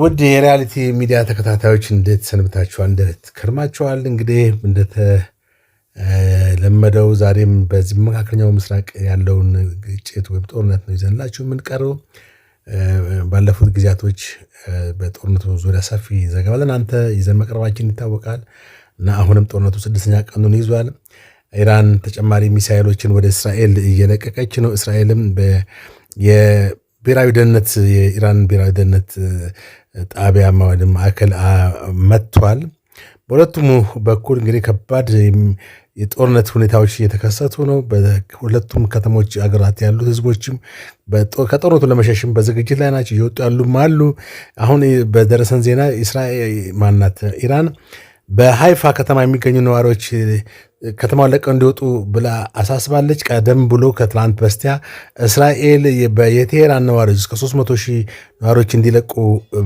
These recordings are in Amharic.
ውድ የሪያሊቲ ሚዲያ ተከታታዮች እንዴት ሰንብታችኋል? እንዴት ከርማችኋል? እንግዲህ እንደተለመደው ዛሬም በዚህ መካከለኛው ምስራቅ ያለውን ግጭት ወይም ጦርነት ነው ይዘንላችሁ የምንቀርበው። ባለፉት ጊዜያቶች በጦርነቱ ዙሪያ ሰፊ ዘገባ ለእናንተ ይዘን መቅረባችን ይታወቃል እና አሁንም ጦርነቱ ስድስተኛ ቀኑን ይዟል። ኢራን ተጨማሪ ሚሳይሎችን ወደ እስራኤል እየለቀቀች ነው። እስራኤልም የብሔራዊ ደህንነት የኢራን ብሔራዊ ደህንነት ጣቢያ ወይም ማዕከል መጥቷል። በሁለቱም በኩል እንግዲህ ከባድ የጦርነት ሁኔታዎች እየተከሰቱ ነው። በሁለቱም ከተሞች አገራት ያሉ ህዝቦችም ከጦርነቱ ለመሸሽም በዝግጅት ላይ ናቸው። እየወጡ ያሉም አሉ። አሁን በደረሰን ዜና ኢራን በሀይፋ ከተማ የሚገኙ ነዋሪዎች ከተማውን ለቀው እንዲወጡ ብላ አሳስባለች። ቀደም ብሎ ከትላንት በስቲያ እስራኤል የቴሄራን ነዋሪዎች እስከ 300 ሺህ ነዋሪዎች እንዲለቁ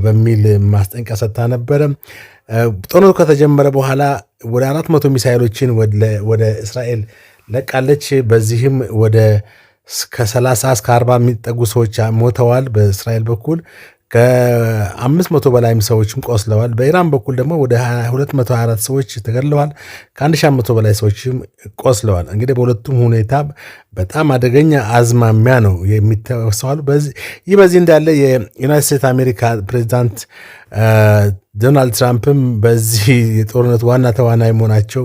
በሚል ማስጠንቀቂያ ሰጥታ ነበረ። ጦርነቱ ከተጀመረ በኋላ ወደ 400 ሚሳይሎችን ወደ እስራኤል ለቃለች። በዚህም ወደ ከ30 እስከ 40 የሚጠጉ ሰዎች ሞተዋል በእስራኤል በኩል ከአምስት መቶ በላይም ሰዎችም ቆስለዋል። በኢራን በኩል ደግሞ ወደ 224 ሰዎች ተገድለዋል። ከ1500 በላይ ሰዎችም ቆስለዋል። እንግዲህ በሁለቱም ሁኔታ በጣም አደገኛ አዝማሚያ ነው የሚተሰዋሉ። ይህ በዚህ እንዳለ የዩናይት ስቴትስ አሜሪካ ፕሬዚዳንት ዶናልድ ትራምፕም በዚህ የጦርነት ዋና ተዋናይ መሆናቸው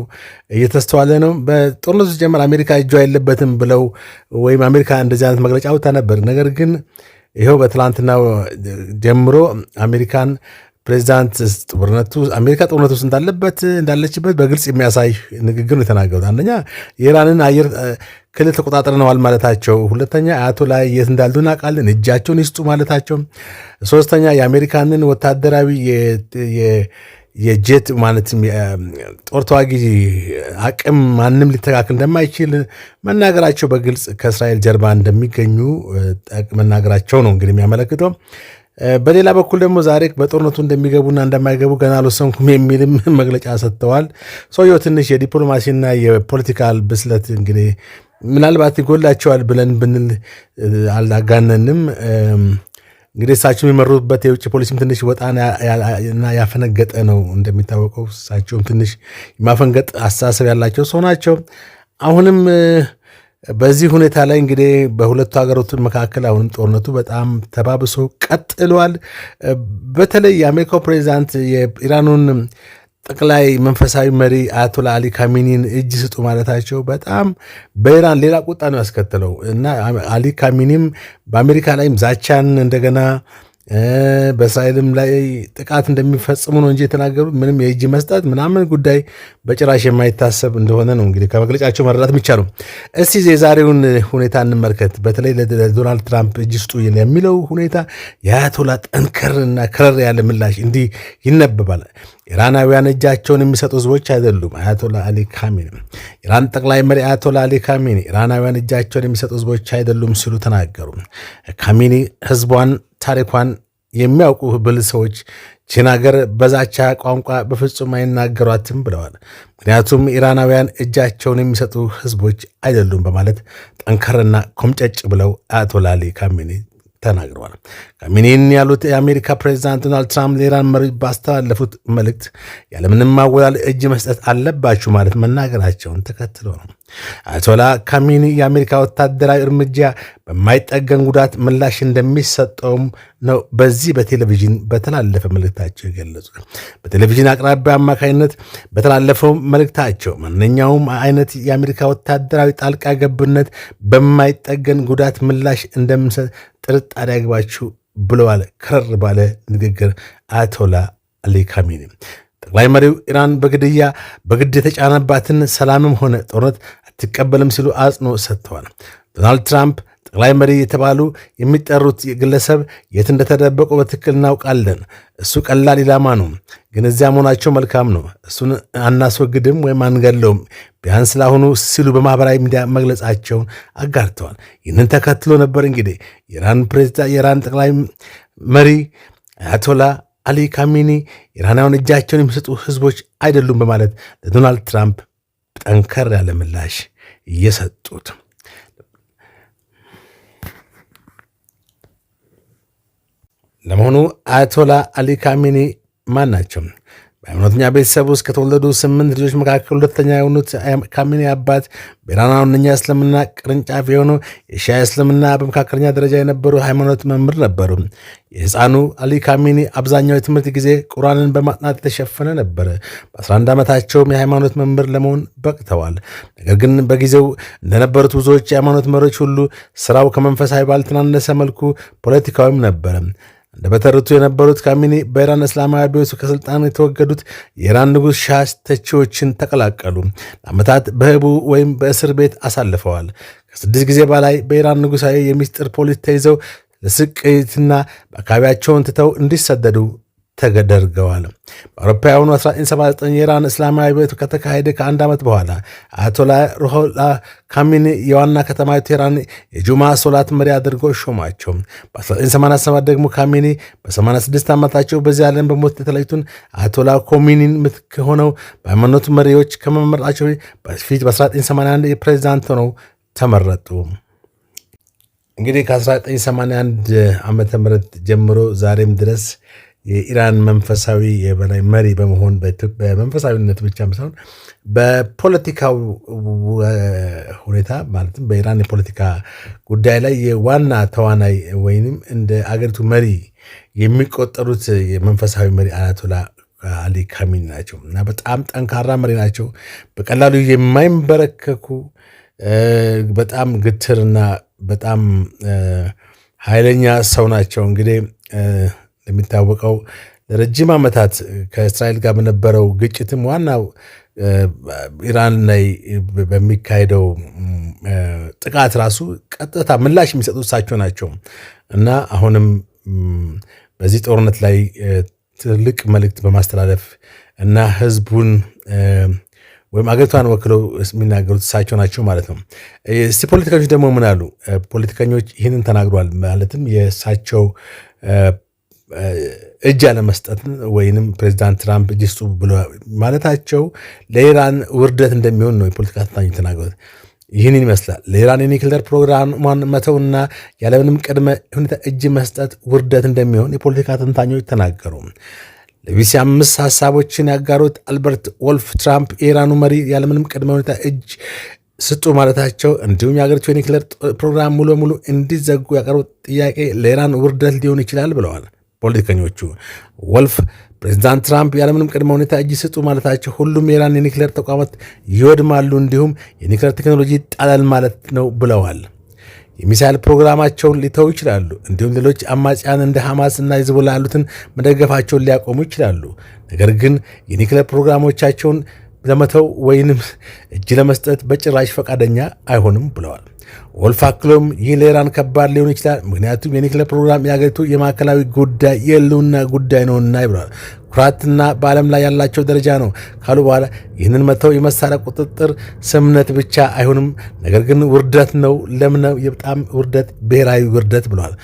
እየተስተዋለ ነው። በጦርነቱ ሲጀመር አሜሪካ እጇ የለበትም ብለው ወይም አሜሪካ እንደዚህ አይነት መግለጫ አውጥታ ነበር ነገር ግን ይኸው በትላንትና ጀምሮ አሜሪካን ፕሬዚዳንት ጦርነቱ አሜሪካ ጦርነቱ ውስጥ እንዳለበት እንዳለችበት በግልጽ የሚያሳይ ንግግር ነው የተናገሩት። አንደኛ የኢራንን አየር ክልል ተቆጣጥረነዋል ማለታቸው፣ ሁለተኛ ላይ የት እንዳሉ እናውቃለን እጃቸውን ይስጡ ማለታቸው፣ ሶስተኛ የአሜሪካንን ወታደራዊ የጀት ማለት ጦር ተዋጊ አቅም ማንም ሊተካከል እንደማይችል መናገራቸው በግልጽ ከእስራኤል ጀርባ እንደሚገኙ መናገራቸው ነው እንግዲህ የሚያመለክተው። በሌላ በኩል ደግሞ ዛሬ በጦርነቱ እንደሚገቡና እንደማይገቡ ገና አልወሰንኩም የሚልም መግለጫ ሰጥተዋል። ሰውየው ትንሽ የዲፕሎማሲና የፖለቲካል ብስለት እንግዲህ ምናልባት ይጎላቸዋል ብለን ብንል አላጋነንም። እንግዲህ እሳቸው የሚመሩበት የውጭ ፖሊሲም ትንሽ ወጣና ያፈነገጠ ነው። እንደሚታወቀው እሳቸውም ትንሽ የማፈንገጥ አስተሳሰብ ያላቸው ሰው ናቸው። አሁንም በዚህ ሁኔታ ላይ እንግዲህ በሁለቱ ሀገሮች መካከል አሁንም ጦርነቱ በጣም ተባብሶ ቀጥሏል። በተለይ የአሜሪካው ፕሬዚዳንት የኢራኑን ጠቅላይ መንፈሳዊ መሪ አያቶላ አሊ ካሚኒን እጅ ስጡ ማለታቸው በጣም በኢራን ሌላ ቁጣ ነው ያስከተለው እና አሊ ካሚኒም በአሜሪካ ላይም ዛቻን እንደገና በእስራኤልም ላይ ጥቃት እንደሚፈጽሙ ነው እንጂ የተናገሩ ምንም የእጅ መስጠት ምናምን ጉዳይ በጭራሽ የማይታሰብ እንደሆነ ነው እንግዲህ ከመግለጫቸው መረዳት የሚቻለው። እስቲ የዛሬውን ሁኔታ እንመልከት። በተለይ ለዶናልድ ትራምፕ እጅ ስጡ የሚለው ሁኔታ የአያቶላ እና ከረር ያለ ምላሽ እንዲህ ይነበባል። ኢራናውያን እጃቸውን የሚሰጡ ህዝቦች አይደሉም። አያቶላ አሊ ካሜኒ፣ ኢራን ጠቅላይ መሪ አያቶላ አሊ ካሜኒ ኢራናውያን እጃቸውን የሚሰጡ ህዝቦች አይደሉም ሲሉ ተናገሩ። ካሚኒ ህዝቧን ታሪኳን የሚያውቁ ብል ሰዎች ቺን ሀገር በዛቻ ቋንቋ በፍጹም አይናገሯትም ብለዋል። ምክንያቱም ኢራናውያን እጃቸውን የሚሰጡ ህዝቦች አይደሉም በማለት ጠንከርና ኮምጨጭ ብለው አያቶላሊ ካሚኒ ተናግረዋል። ካሜኒን ያሉት የአሜሪካ ፕሬዚዳንት ዶናልድ ትራምፕ ለኢራን መሪ ባስተላለፉት መልእክት ያለምንም ማወላል እጅ መስጠት አለባችሁ ማለት መናገራቸውን ተከትሎ ነው። አያቶላ ካሚኒ የአሜሪካ ወታደራዊ እርምጃ በማይጠገን ጉዳት ምላሽ እንደሚሰጠውም ነው በዚህ በቴሌቪዥን በተላለፈ መልእክታቸው የገለጹ በቴሌቪዥን አቅራቢያ አማካኝነት በተላለፈው መልእክታቸው ማንኛውም አይነት የአሜሪካ ወታደራዊ ጣልቃ ገብነት በማይጠገን ጉዳት ምላሽ እንደምሰጥ ጥርጣሬ አግባችሁ ብለዋል ከረር ባለ ንግግር አያቶላ አሊ ካሚኒ። ጠቅላይ መሪው ኢራን በግድያ በግድ የተጫነባትን ሰላምም ሆነ ጦርነት አትቀበልም ሲሉ አጽኖ ሰጥተዋል። ዶናልድ ትራምፕ ጠቅላይ መሪ የተባሉ የሚጠሩት ግለሰብ የት እንደተደበቁ በትክክል እናውቃለን እሱ ቀላል ኢላማ ነው፣ ግን እዚያ መሆናቸው መልካም ነው። እሱን አናስወግድም ወይም አንገለውም፣ ቢያንስ ለአሁኑ ሲሉ በማህበራዊ ሚዲያ መግለጻቸውን አጋርተዋል። ይህንን ተከትሎ ነበር እንግዲህ የኢራን ጠቅላይ መሪ አያቶላ አሊ ካሚኒ ኢራናውያን እጃቸውን የሚሰጡ ህዝቦች አይደሉም በማለት ለዶናልድ ትራምፕ ጠንከር ያለ ምላሽ እየሰጡት ለመሆኑ አያቶላ አሊ ካሚኒ ማን ናቸው? በሃይማኖተኛ ቤተሰብ ውስጥ ከተወለዱ ስምንት ልጆች መካከል ሁለተኛ የሆኑት ካሚኒ አባት በኢራን ዋነኛ እስልምና ቅርንጫፍ የሆኑ የሻያ እስልምና በመካከለኛ ደረጃ የነበሩ ሃይማኖት መምህር ነበሩ። የህፃኑ አሊ ካሚኒ አብዛኛው የትምህርት ጊዜ ቁርአንን በማጥናት የተሸፈነ ነበር። በ11 ዓመታቸውም የሃይማኖት መምህር ለመሆን በቅተዋል። ነገር ግን በጊዜው እንደነበሩት ብዙዎች የሃይማኖት መሪዎች ሁሉ ስራው ከመንፈሳዊ ባልተናነሰ መልኩ ፖለቲካዊም ነበረ እንደበተርቱ የነበሩት ካሚኒ በኢራን እስላማዊ አብዮት ከስልጣን የተወገዱት የኢራን ንጉሥ ሻህ ተቺዎችን ተቀላቀሉ። ለዓመታት በህቡ ወይም በእስር ቤት አሳልፈዋል። ከስድስት ጊዜ በላይ በኢራን ንጉሣዊ የሚስጥር ፖሊስ ተይዘው ለስቅይትና በአካባቢያቸውን ትተው እንዲሰደዱ ተደርገዋል። በአውሮፓውያኑ 1979 የኢራን እስላማዊ ቤቱ ከተካሄደ ከአንድ ዓመት በኋላ አያቶላ ሩሆላ ካሚኒ የዋና ከተማ ቴራን የጁማ ሶላት መሪ አድርገው ሾማቸው። በ1987 ደግሞ ካሚኒ በ86 ዓመታቸው በዚህ ዓለም በሞት የተለዩትን አያቶላ ኮሚኒን ምትክ ሆነው በሃይማኖቱ መሪዎች ከመመረጣቸው በፊት በ1981 የፕሬዚዳንት ሆነው ተመረጡ። እንግዲህ ከ1981 ዓ ም ጀምሮ ዛሬም ድረስ የኢራን መንፈሳዊ የበላይ መሪ በመሆን መንፈሳዊነት ብቻም ሳይሆን በፖለቲካው ሁኔታ ማለትም በኢራን የፖለቲካ ጉዳይ ላይ የዋና ተዋናይ ወይም እንደ አገሪቱ መሪ የሚቆጠሩት የመንፈሳዊ መሪ አያቶላ አሊ ካሚኒ ናቸው እና በጣም ጠንካራ መሪ ናቸው። በቀላሉ የማይንበረከኩ በጣም ግትርና በጣም ኃይለኛ ሰው ናቸው እንግዲህ የሚታወቀው ለረጅም ዓመታት ከእስራኤል ጋር በነበረው ግጭትም ዋናው ኢራን ላይ በሚካሄደው ጥቃት ራሱ ቀጥታ ምላሽ የሚሰጡ እሳቸው ናቸው እና አሁንም በዚህ ጦርነት ላይ ትልቅ መልእክት በማስተላለፍ እና ህዝቡን ወይም አገሪቷን ወክለው የሚናገሩት እሳቸው ናቸው ማለት ነው። እስቲ ፖለቲከኞች ደግሞ ምን አሉ? ፖለቲከኞች ይህንን ተናግሯል። ማለትም የእሳቸው እጅ ያለመስጠት ወይንም ፕሬዚዳንት ትራምፕ እጅ ስጡ ብሎ ማለታቸው ለኢራን ውርደት እንደሚሆን ነው የፖለቲካ ተንታኞች የተናገሩት። ይህንን ይመስላል ለኢራን የኒክሌር ፕሮግራሟን መተውና ያለምንም ቅድመ ሁኔታ እጅ መስጠት ውርደት እንደሚሆን የፖለቲካ ተንታኞች ተናገሩ። ለቢሲ አምስት ሀሳቦችን ያጋሩት አልበርት ወልፍ ትራምፕ የኢራኑ መሪ ያለምንም ቅድመ ሁኔታ እጅ ስጡ ማለታቸው እንዲሁም የሀገሪቱ የኒክሌር ፕሮግራም ሙሉ በሙሉ እንዲዘጉ ያቀረቡት ጥያቄ ለኢራን ውርደት ሊሆን ይችላል ብለዋል። ፖለቲከኞቹ ወልፍ ፕሬዚዳንት ትራምፕ ያለምንም ቅድመ ሁኔታ እጅ ስጡ ማለታቸው ሁሉም የኢራን የኒክሌር ተቋማት ይወድማሉ፣ እንዲሁም የኒክሌር ቴክኖሎጂ ይጣላል ማለት ነው ብለዋል። የሚሳይል ፕሮግራማቸውን ሊተው ይችላሉ፣ እንዲሁም ሌሎች አማጽያን እንደ ሐማስ እና ሂዝቦላ ያሉትን መደገፋቸውን ሊያቆሙ ይችላሉ። ነገር ግን የኒክሌር ፕሮግራሞቻቸውን ለመተው ወይንም እጅ ለመስጠት በጭራሽ ፈቃደኛ አይሆንም ብለዋል። ኦልፋክሎም ይህ ለኢራን ከባድ ሊሆን ይችላል፣ ምክንያቱም የኒክሌር ፕሮግራም የሀገሪቱ የማዕከላዊ ጉዳይ የህልውና ጉዳይ ነውና ይብሏል። ኩራትና በዓለም ላይ ያላቸው ደረጃ ነው ካሉ በኋላ ይህንን መተው የመሳሪያ ቁጥጥር ስምምነት ብቻ አይሆንም፣ ነገር ግን ውርደት ነው። ለምነው የበጣም ውርደት፣ ብሔራዊ ውርደት ብለዋል።